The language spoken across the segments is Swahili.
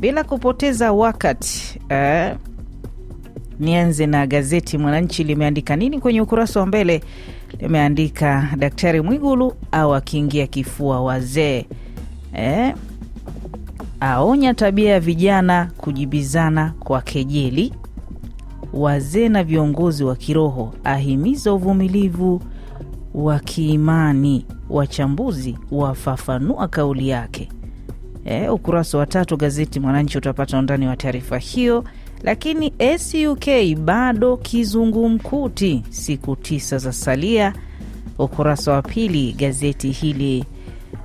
Bila kupoteza wakati eh, nianze na gazeti Mwananchi. Limeandika nini kwenye ukurasa wa mbele? Limeandika Daktari Mwigulu au akiingia kifua wazee eh, aonya tabia ya vijana kujibizana kwa kejeli, wazee na viongozi wa kiroho, ahimiza uvumilivu wa kiimani. Wachambuzi wafafanua kauli yake. E, ukurasa wa tatu gazeti Mwananchi utapata undani wa taarifa hiyo. Lakini SUK bado kizungumkuti, siku tisa za salia, ukurasa wa pili gazeti hili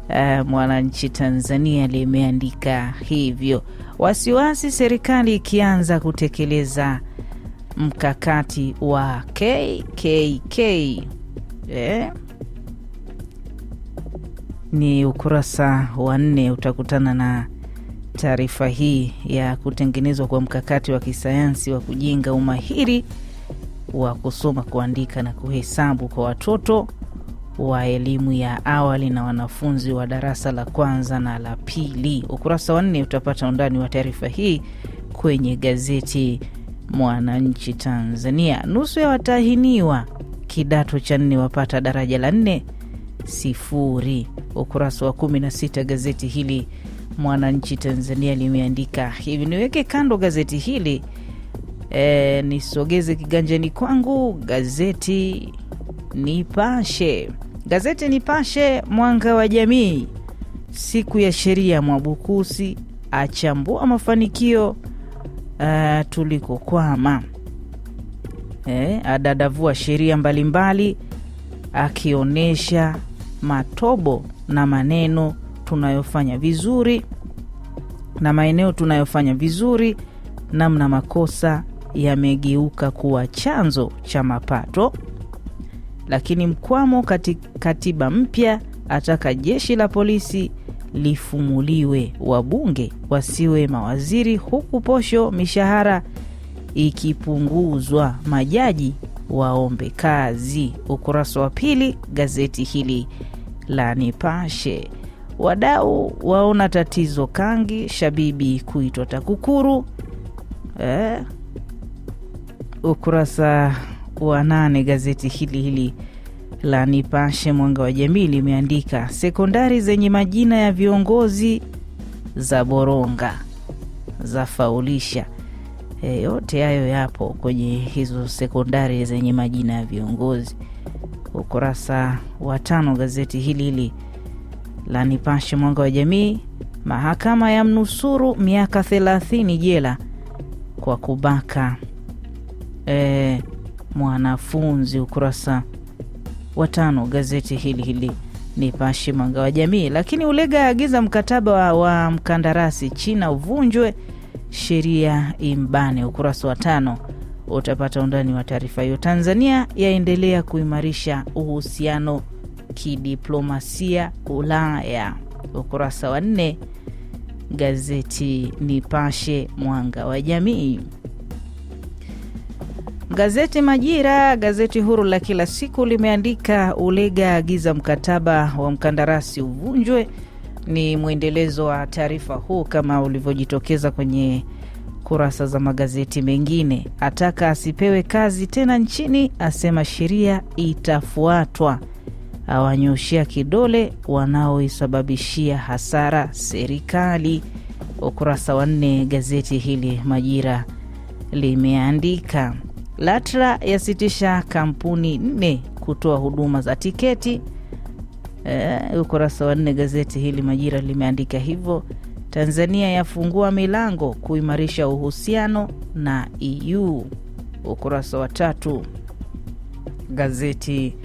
uh, Mwananchi Tanzania limeandika hivyo. Wasiwasi serikali ikianza kutekeleza mkakati wa KKK eh, ni ukurasa wa nne, utakutana na taarifa hii ya kutengenezwa kwa mkakati wa kisayansi wa kujenga umahiri wa kusoma, kuandika na kuhesabu kwa watoto wa elimu ya awali na wanafunzi wa darasa la kwanza na la pili. Ukurasa wa nne utapata undani wa taarifa hii kwenye gazeti Mwananchi Tanzania. Nusu ya watahiniwa kidato cha nne wapata daraja la nne sifuri ukurasa wa 16 gazeti hili Mwananchi Tanzania limeandika hivi: niweke kando gazeti hili e, nisogeze kiganjani kwangu gazeti Nipashe. Gazeti Nipashe, mwanga wa jamii, siku ya sheria, Mwabukusi achambua mafanikio uh, tulikokwama, e, adadavua sheria mbalimbali akionyesha matobo na maneno tunayofanya vizuri na maeneo tunayofanya vizuri, namna makosa yamegeuka kuwa chanzo cha mapato. Lakini mkwamo kati katiba mpya ataka jeshi la polisi lifumuliwe, wabunge wasiwe mawaziri, huku posho mishahara ikipunguzwa, majaji waombe kazi. Ukurasa wa pili gazeti hili la Nipashe. Wadau waona tatizo Kangi Shabibi kuitwa TAKUKURU. Eh, ukurasa wa nane gazeti hili hili la Nipashe Mwanga wa Jamii limeandika sekondari zenye majina ya viongozi za boronga za faulisha. E, eh, yote hayo yapo kwenye hizo sekondari zenye majina ya viongozi ukurasa wa tano gazeti hili hili la Nipashe Mwanga wa Jamii, mahakama ya mnusuru miaka 30 jela kwa kubaka e, mwanafunzi. Ukurasa wa tano gazeti hili hili Nipashe Mwanga wa Jamii. Lakini Ulega agiza mkataba wa, wa mkandarasi China uvunjwe, sheria imbane. Ukurasa wa tano utapata undani wa taarifa hiyo. Tanzania yaendelea kuimarisha uhusiano kidiplomasia Ulaya, ukurasa wa nne gazeti Nipashe Mwanga wa Jamii. Gazeti Majira, gazeti huru la kila siku, limeandika Ulega agiza mkataba wa mkandarasi uvunjwe. Ni mwendelezo wa taarifa huu kama ulivyojitokeza kwenye kurasa za magazeti mengine. Ataka asipewe kazi tena nchini, asema sheria itafuatwa, awanyoshia kidole wanaoisababishia hasara serikali. Ukurasa wa nne gazeti hili Majira limeandika LATRA yasitisha kampuni nne kutoa huduma za tiketi. E, ukurasa wa nne gazeti hili Majira limeandika hivyo. Tanzania yafungua milango kuimarisha uhusiano na EU. Ukurasa wa tatu gazeti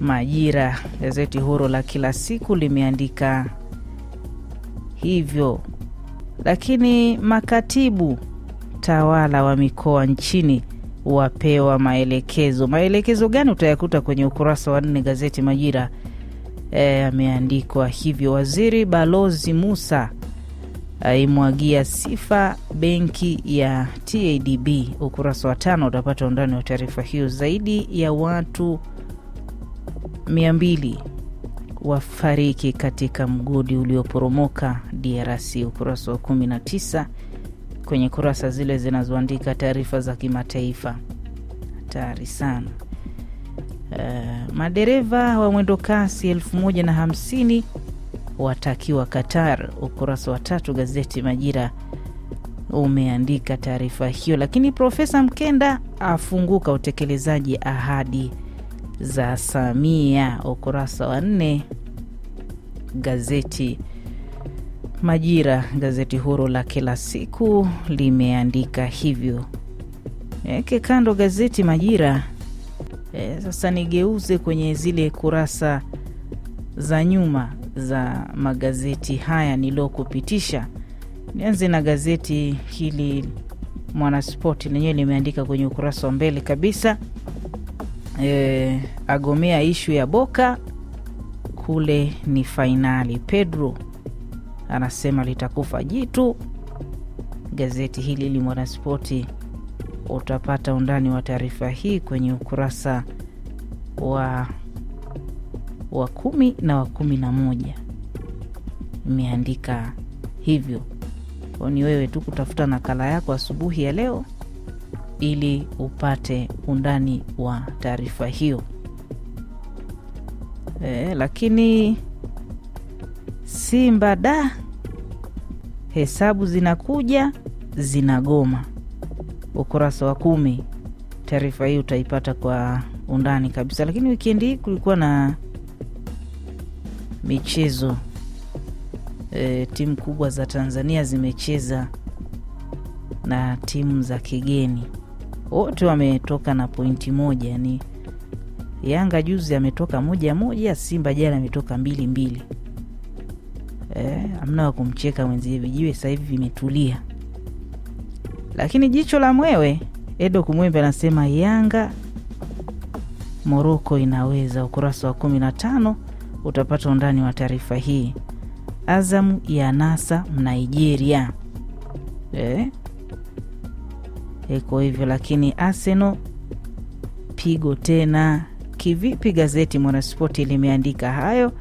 Majira, gazeti huru la kila siku limeandika hivyo. Lakini makatibu tawala wa mikoa nchini wapewa maelekezo. Maelekezo gani utayakuta kwenye ukurasa wa nne gazeti Majira. E, ameandikwa hivyo. Waziri Balozi Musa aimwagia eh, sifa benki ya TADB. Ukurasa wa tano utapata undani wa taarifa hiyo. Zaidi ya watu mbili wafariki katika mgodi ulioporomoka DRC. Ukurasa wa 19 kwenye kurasa zile zinazoandika taarifa za kimataifa. Hatari sana. Uh, madereva wa mwendo kasi elfu moja na hamsini watakiwa Qatar. Ukurasa wa tatu gazeti Majira umeandika taarifa hiyo. Lakini Profesa Mkenda afunguka utekelezaji ahadi za Samia, ukurasa wa nne gazeti Majira, gazeti huru la kila siku limeandika hivyo. Eke kando gazeti Majira. E, sasa nigeuze kwenye zile kurasa za nyuma za magazeti haya niliokupitisha. Nianze na gazeti hili Mwanaspoti, lenyewe limeandika kwenye ukurasa wa mbele kabisa e, agomea ishu ya Boka kule ni fainali. Pedro anasema litakufa jitu. Gazeti hili li Mwanaspoti, utapata undani wa taarifa hii kwenye ukurasa wa wa kumi na wa kumi na moja. Imeandika hivyo kwao, ni wewe tu kutafuta nakala yako asubuhi ya leo ili upate undani wa taarifa hiyo. E, lakini Simba da hesabu zinakuja zinagoma. Ukurasa wa kumi, taarifa hii utaipata kwa undani kabisa. Lakini wikendi hii kulikuwa na michezo e, timu kubwa za Tanzania zimecheza na timu za kigeni, wote wametoka na pointi moja. Yani Yanga juzi ametoka moja moja, Simba jana ametoka mbili mbili. E, amna wa kumcheka mwenzie, vijiwe sasa hivi vimetulia, lakini jicho la mwewe Edo Kumwembe anasema Yanga Moroko inaweza, ukurasa wa kumi na tano. Utapata undani wa taarifa hii. Azam ya nasa Nigeria eh? Iko hivyo, lakini Arsenal pigo tena. Kivipi gazeti Mwanaspoti limeandika hayo?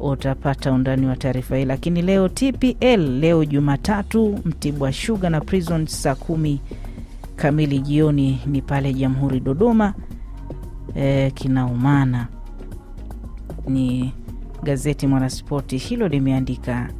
Utapata undani wa taarifa hii. Lakini leo TPL, leo Jumatatu, Mtibwa shuga na Prison saa kumi kamili jioni ni pale Jamhuri Dodoma, eh, kinaumana ni gazeti Mwanaspoti hilo limeandika